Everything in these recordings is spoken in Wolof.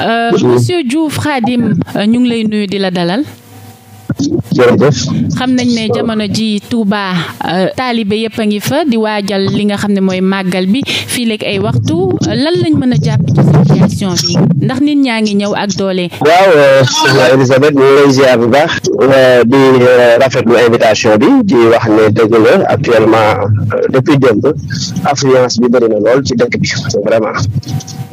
Euh, Monsieur Diouf Khadim euh, ñu ngi lay nuyu di la dalal. jërëjëf. xam nañ ne jamono ji Touba euh, taalibe yëpp a ngi fa di waajal li nga xam ne mooy màggal bi fii léegi ay waxtu lan lañ mën a jàpp ci situation bi ndax nit ñaa ngi ñëw ak doole. waaw euh, soxna Elisabeth ñu ngi lay ziar bu euh, invitation bi di wax ne dëgg la actuellement depuis démb affluence bi bëri na lool ci dëkk bi vraiment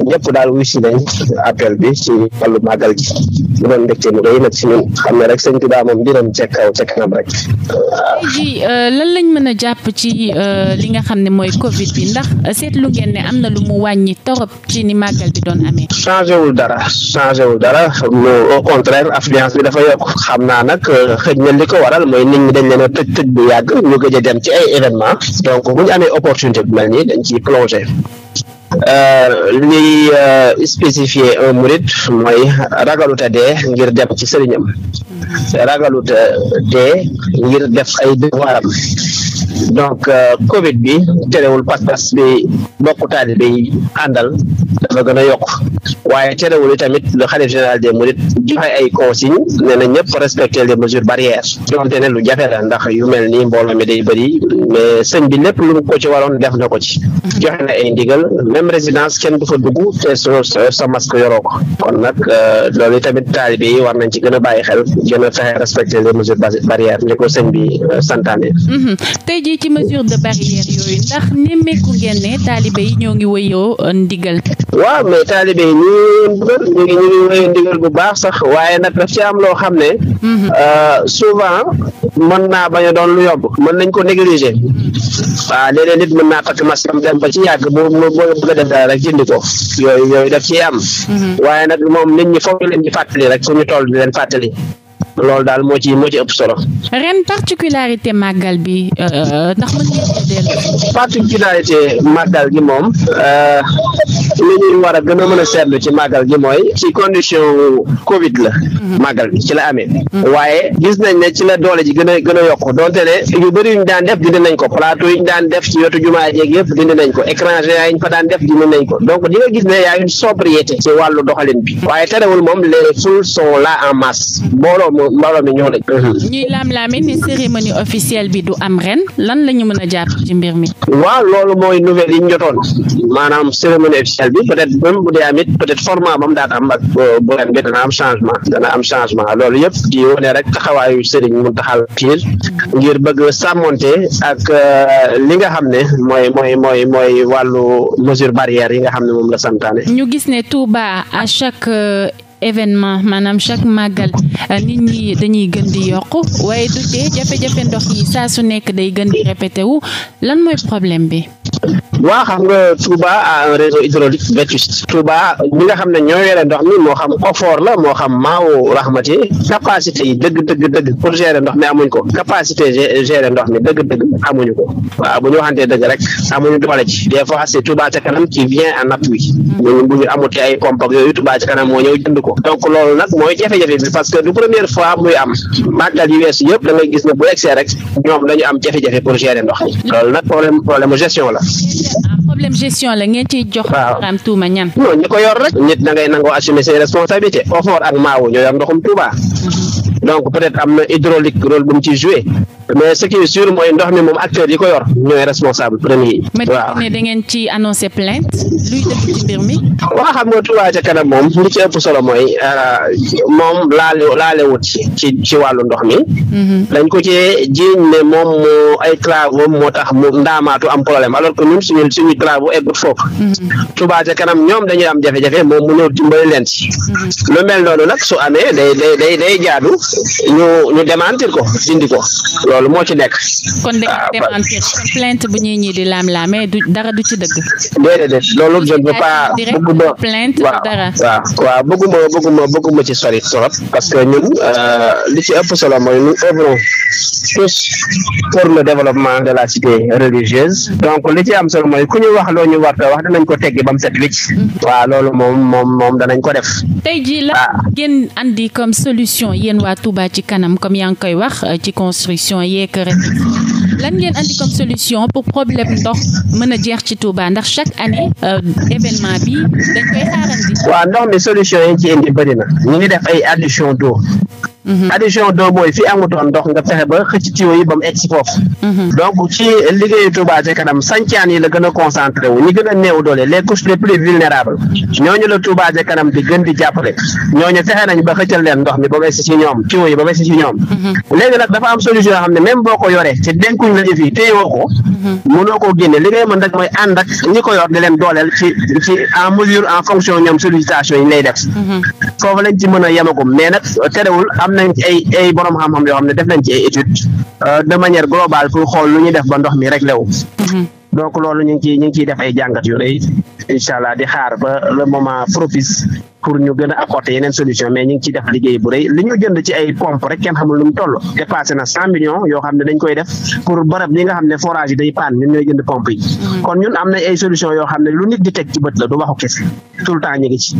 ñëpp daal wuy si nañ appel bi ci wàllu màggal gi di doon mbégte mu doy nag si ñun xam ne rek sëñ Touba moom mbiram ca kaw ca kanam rek. Euh, lan lañ mën a jàpp ci euh, li nga xam ne mooy Covid bi ndax euh, seetlu ngeen ne am na lu mu wàññi torop ci ni màggal bi doon amee. changé wul dara changé wul dara au contraire affluence bi dafa yokk xam naa nag xëj na li ko waral mooy nit ñi dañ leen tëj tëj bu yàgg ñu gëj a dem ci ay donc bu amee opportunité bu mel nii dañ ci plongé. Euh, liy euh, spécifié un murit mooy ragaluta dee ngir dem ci sëriñam ragaluta dee ngir def ay devoiram donc euh, covid bi terewul pas-pas bi bokk taalibe yi dafa gën a yokk waaye terewul tamit le xalif général des mourides joxe ay consigne nee na ñëpp respecter les mesures barrières donte ne lu jafe la ndax yu mel nii mbooloo mi day bëri mais sëñ bi lépp lu mu ko ci waroon def na ko ci joxe na ay ndigal même résidence kenn du fa dugg te sa masque yoroo kon nag euh, loolu tamit taalibe yi war nañ ci gën a bàyyi xel gën a fexe respecter les mesures barrières ni ko sëñ bi euh, santaane mhm. tey jii ci mesure de waaw mais taalibe yi ñu ñu ngi ñu bu baax sax waaye nag daf ci am loo xam ne mhm. euh, souvent mën naa bañ doon lu yomb mën nañ ko négliger waaw léeg nit mën naa takk masam dem ba ci yàgg boo boo bëgg a def dara rek jëndi ko yooyu yooyu daf ciy am mhm. waaye nag moom nit ñi foog ñu leen fàttali rek fu ñu toll di leen fàttali loolu daal moo ci moo ci ëpp solo. ren particularité màggal bi euh, ndax mën ngeen màggal gi moom euh, li ñuy war a gën a mën a seetlu ci màggal gi mooy ci condition Covid la. Mhm. màggal bi ci la amee. Mhm. waaye gis nañ ne ci la doole ji gën a gën a yokk donte ne yu bëri yu daan def dindi nañ ko plateau yi daan def ci yotu jumaa jeeg yëpp dindi nañ ko écran géant yi ñu fa daan def dindi nañ ko donc di nga gis ne y a une sobriété ci wàllu doxalin bi waaye terewul moom en masse mbooloo mi ñëw nañ. ñuy laam-laame ni cérémonie officielle bi du am ren lan la mën a jàpp ci mbir mi. waaw loolu mooy nouvelle yi ñu maanaam cérémonie officielle bi peut être même bu dee am it peut être format ba mu daan am ak euh, bu ren bi dana am changement dana am changement loolu yëpp di wane rek taxawaayu sëriñ mu taxal piir ngir bëgg sàmmonte ak euh, li nga xam ne mooy mooy mooy mooy wàllu mesure barière yi nga xam ne moom la santaane. ñu gis ne événement maanaam chaque màggal euh, nit ñi dañuy gën di yokk waaye du tee jafe-jafe ndox yi saa su nekk day gën di répété lan mooy problème bi waa xam nga Touba a un réseau hydraulique vétuste Touba ñi nga xam ne ñoo yore ndox mi moo xam OFOR la moo xam Maawu Rahmati capacité yi dëgg dëgg dëgg pour gérer ndox mi amuñ ko capacité gérer ndox mi dëgg dëgg amuñu ko waaw bu ñu waxantee rek amuñu doole ci des fois c'est Touba ca kanam qui vient en appui ñooñu bu ñu amutee ay pompe moo ñëw jënd ko donc loolu nag mooy jafe-jafe bi parce que du première fois muy am màggal yu weesu yëpp da ngay gis ne bu egsee rek ñoom dañu am jafe-jafe pour gérer ndox mi loolu nag problème problème gestion la problème gestion la ngeen ciy jox. waaw baaraam tuuma ñan. non ñi ko yor rek. nit da ngay nangoo assumer ses responsabilités OFOR ak Maawu ñoo yor ndoxum Touba. Mhm. donc peut être am hydraulique rôle bu mu ciy mais ce qui est mooy ndox mi moom acteur yi ko yor ñooy responsable premier yi. waaw mais da ngeen ci annoncé plainte luy dëgg ci mbir mi. waa xam nga Touba ca kanam moom li ci ëpp solo mooy euh, moom laale laalewut ci ci wàllu ndox mi. Mhm. dañ ko cee jiiñ ne moom moo ay travaux que ñun suñu suñu travaux eggut foofu mm-hmm. Touba ca kanam ñoom dañuy am jafe-jafe moom mu ñëw dimbali leen si mm-hmm. lu mel noonu nag su amee day day day day jaadu ñu ñu démentir ko dindi ko loolu moo ci nekk kon da ngeen ah, démentir plainte bu ñuy ñi di laam mais du dara du ci dëgg déedéet loolu je ne veux pas bëgguma plainte waaw waaw waaw bëgguma bëgguma bëgguma ci sori trop parce que ñun euh, li ci ëpp solo mooy nous œuvrons tous pour le développement de la cité religieuse donc ci am solo mooy ku ñu wax loo ñu warta wax danañ ko teggi ba mu set wicc mm-hmm. waaw loolu moom moom moom danañ ko def tey jii la ah. ngeen andi comme solution yéen waa Touba ci kanam comme yaa ngi koy wax euh, ci construction yeeg lan ngeen andi comme solution pour problème ndox mën a jeex ci Touba ndax chaque année euh, événement bi dañ koy xaarandi waaw ndox mi solution yi ci indi bëri na ñu ngi def ay adduction d'eau Mhm. adduction d'eau mooy fi amutoon ndox nga fexe ba xëcc tuyau yi ba mu egg si foofu mhm. ci liggéeyu Touba ca kanam sancaan yi la gën a concentré ñi gën a néew doole les couches les plus vulnérables ñooñu la Touba ca kanam di gën di jàppale ñooñu fexe ba xëccal leen ndox mi ba bay si ñoom tuyau yi ba bay si ñoom mhm. léegi nag dafa am solution yoo xam ne même boo ko yoree ci denkuñ la yëf yi téyewoo ko mënoo koo génne li ngay mën mooy ànd ak ñi ko yor di a yemagum nañ ci ay ay xam-xam yoo xam ne def nañ ci ay étude euh, de manière globale pour xool lu ñuy def ba ndox mi réglé wu. Mm-hmm. donc loolu ñu ngi ciy ñu ngi ciy def ay jàngat yu rëy incha allah di xaar ba le moment propice pour ñu gën a apporter yeneen solution mais ñu ngi ciy def liggéey bu rëy li ñu jënd ci ay pompe rek kenn xamul nu mu toll dépassé na cent millions yoo xam ne dañ koy def pour bërëb yi nga xam ne forage yi day paan ñun ñooy jënd pompe yi mm-hmm. kon ñun am na ay solution yoo xam ne lu nit di teg ci bët la du waxu le temps ñu ngi ci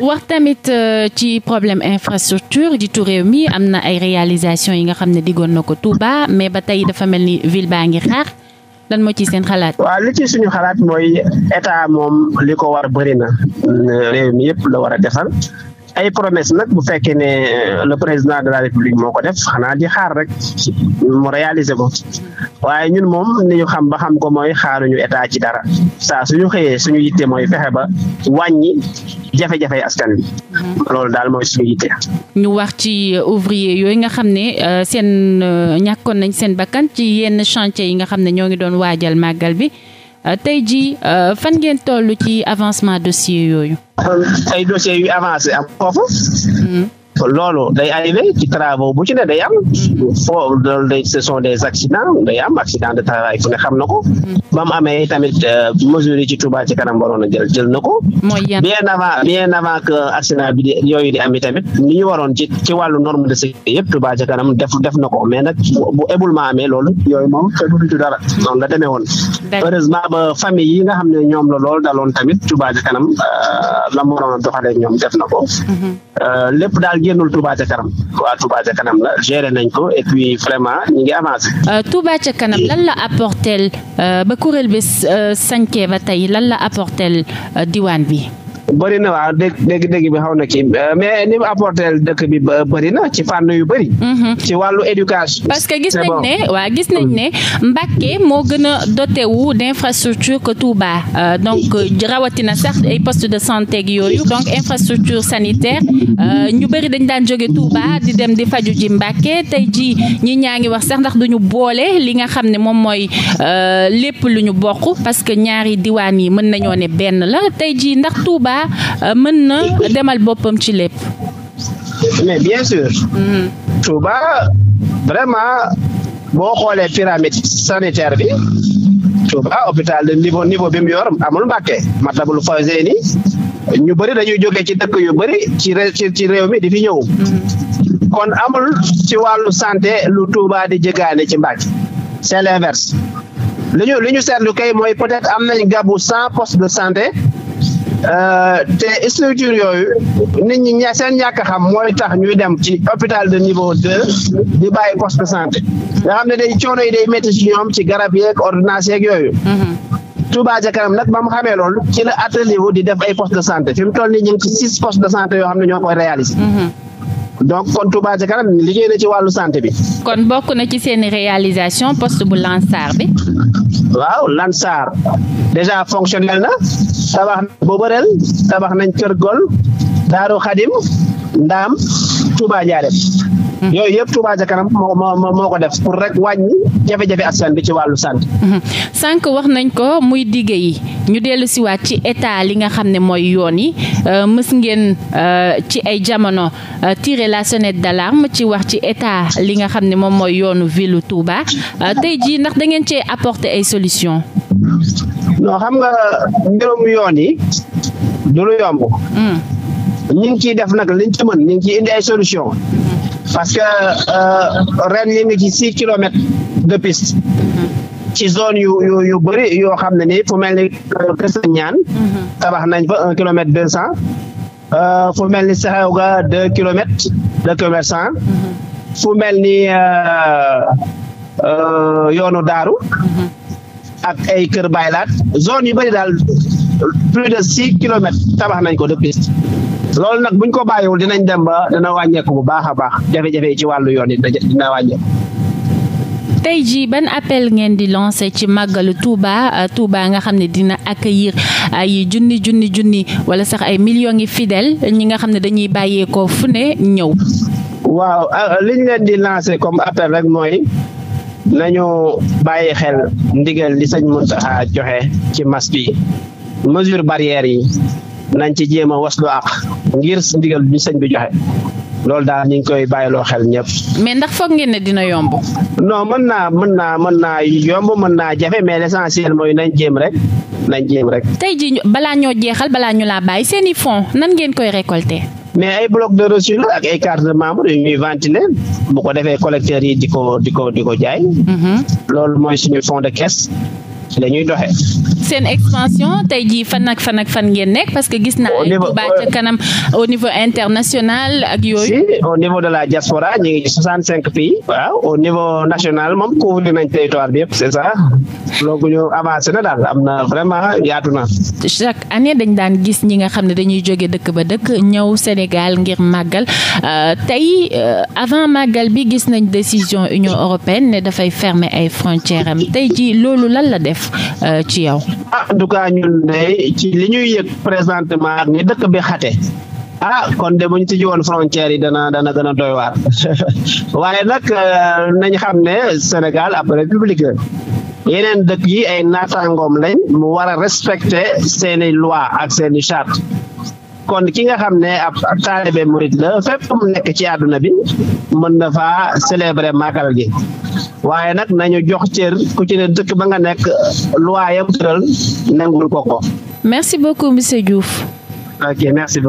wax tamit euh, ci problème infrastructure jiitu réew mi am na ay réalisation yi nga xam ne diggoon na ko Touba mais ba tey dafa mel ni ville baa ngi xaar lan moo ci seen xalaat. waaw li ci suñu xalaat mooy état moom li ko war bëri na réew mi yëpp la war a defal. ay promesse nag bu fekkee ne euh, le président de la république moo ko def xanaa di xaar rek mu réaliser ko waaye ñun moom ni ñu xam ba xam ko mooy xaaruñu état ci dara saa suñu xëyee suñu yitte mooy fexe ba wàññi jafe-jafe askan bi mm-hmm. loolu daal mooy suñu yitte. ñu wax ci euh, ouvrier yooyu nga xam ne euh, seen ñàkkoon nañ seen bakkan ci yenn chantier yi nga xam ne ñoo ngi doon waajal màggal bi. Euh, tey jii euh, fan ngeen toll ci avancement dossier yooyu. ay dossiers yu avancé ak foofu. Mm. loolu day arrivé ci travaux bu ci ne day am mm-hmm. foo des accidents day am accident de travail fu ne xam na ko mm-hmm. ba mu amee tamit euh, mesures yi ci Touba ci kanam waroon a jël jël na ko bien avant bien avant que accident bi di yooyu di am tamit li ñu waroon ci ci wàllu norme de sécurité yëpp Touba ci kanam def def na ko mais nag bu éboulement amee loolu yooyu moom fekkuñu ci dara noonu la demee woon heureusement ba famille yi nga xam ne ñoom la loolu daloon tamit Touba ci kanam euh, la mu waroon ñoom def na ko mm-hmm. euh, lépp daal génnul Touba ca kanam waa Touba kanam la nañ ko et puis vraiment ñu ngi avancé. Euh, Touba ca kanam lan la apportel euh, ba kuréel bi euh, sañkee ba tey lan la apportel diwaan bi. bëri na waaw dégg dégg dégg bi xaw na kii euh, mais ni mu apporté dëkk bi bëri na ci fànn yu bëri. Mhm. ci wàllu éducation. parce que gis nañ ne waa gis nañ ne Mbacké moo gën a doté wu d' infrastructure que Touba euh, donc rawatina sax ay poste de santé ak yooyu donc infrastructure sanitaire euh, ñu bëri dañ daan jóge Touba di dem di faju ji Mbacké tey ji ñi ñaa ngi wax sax ndax duñu boole li nga xam ne moom mooy lépp lu ñu bokk parce que ñaari diwaan yi mën nañoo ne benn la tey ji ndax Touba. a euh, mën na demal boppam ci lépp. mais bien sûr. Mm-hmm. Touba vraiment boo xoolee pyramide sanitaire bi. Touba hôpital de niveau niveau bi mu yor amul Mbàkke Matlabul ni ñu bëri dañuy jógee ci dëkk yu bëri ci ci réew mi di fi ñëw. Mm-hmm. kon amul ci wàllu santé lu Touba di jëgaane ci Mbàkke c'est l'inverse li ñu li ñu kay mooy peut am nañ gabu cent postes de santé. Euh, te structure yooyu nit ñi ña seen ñàkk xam mooy tax ñuy dem ci hôpital de niveau deux di bàyyi poste santé nga xam ne day coono yi day métti ci ñoom ci garab yeeg ordonnance yeeg yooyu. Mm-hmm. Touba ca kanam nag ba mu xamee loolu ci la atelier wu di def ay poste de santé fi mu toll nii ñu ngi ci six poste de santé yoo xam ne ñoo koy réaliser. Mm-hmm. donc kon Touba kanam liggéey na ci wàllu santé bi. kon bokk na ci seen réalisation poste bu Lansar bi. waaw Lansar déjà fonctionnel na. tabax nañ bëreel tabax nañ Kër Gol Daaru Xadim Ndaam Touba Njaareem hmm. yooyu yëpp Touba ca kanam moo moo ko def pour rek wàññi jafe-jafe askan bi ci wàllu santé. Hmm. sànq wax nañ ko muy digge yi ñu dellu waat ci état li nga xam ne mooy yoon yi euh, mës ngeen euh, ci ay jamono euh, tirer la sonnette d'alarme ci wax ci état li nga xam ne moom mooy yoonu ville Touba tey jii ndax da ngeen cee apporter ay solution non xam nga mbirum yoon yi du lu yomb. Hmm. ñu ngi ciy def nag liñ ci mën ñu ngi ciy indi ay solution hmm. parce que euh, ren ñu ngi ci six kilomètres de piste. Hmm. ci zone yu yu yu bëri yoo xam ne nii fu mel ni euh, Kër ñaan tabax nañ fa un kilomètre deux cent. Euh, fu mel ni Saxew ga deux kilomètres deux kilomètres fu mel ni yoonu Daaru. ak ay kër baylaat zone yu bëri daal plus de six kilomètres tabax nañ ko de piste loolu nag buñ ko bàyyiwul dinañ dem ba dina wàññeeku bu baax a baax jafe-jafe yi ci wàllu yoon yi dina wàññeeku. tey jii appel ngeen di lancé ci màggalu Touba euh, Touba nga xam ne dina accueillir euh, ay junni junni junni wala sax ay millions yi fidèles ñi nga xam ne dañuy bàyyeekoo fu ne ñëw. waaw euh, liñ leen di lancé comme appel rek mooy. nañu bàyyi xel ndigal li sëñ Muntaxa joxe ci mas bi mesure barrière yi nañ ci jéem a waslu ak ngir ndigal bi sañ bi joxe loolu daal ñu ngi koy bàyyiloo xel ñëpp. mais ndax foog ngeen ne dina yomb. non mën naa mën naa mën naa yomb mën naa jafe mais l' essentiel mooy nañ jéem rek nañ jéem rek. tey jii balaa ñoo jeexal balaa ñu laa bàyyi seen i fonds nan ngeen koy récolter. mais ay bloc de reçu la ak ay carte de membre yu ñuy ventiler bu ko defee collecteurs yi di ko di ko di ko jaay. Mm-hmm. loolu mooy suñu fond de caisse ci la ñuy doxee. seen expansion tey jii fan ak fan ak fan ngeen nekk parce que gis naa. au niveau ca kanam au niveau international ak yooyu. si au niveau de la diaspora ñu ngi ci soixante cinq pays. au niveau national moom couvrir nañ territoire bi yëpp c'est ça. donc ñu avancé na daal am na vraiment yaatu na. chaque année dañ daan gis ñi nga xam ne dañuy jóge dëkk ba dëkk ñëw Sénégal ngir màggal euh, tey euh, avant màggal bi gis nañ décision Union européenne ne dafay fermer ay frontières am tey jii loolu lan la def. Euh, ci yow. ah en ñun de ci li ñuy yëg présentement ak ni dëkk bi xate a ah, kon de muñ ñu tijji woon frontière yi dana dana gën a doy waar waaye nag euh, nañ xam ne Sénégal ab république yeneen dëkk yi ay naataangoom lañ mu war a respecter seeni loi ak seeni charte kon ki nga xam ne ab taalibe murit la fépp mu nekk ci àdduna bi mën na faa célébrer màggal gi waaye nag nañu jox cër ku ci ne dëkk ba nga nekk loi yam tëral nangul ko ko. merci beaucoup monsieur Diouf. ok merci beaucoup.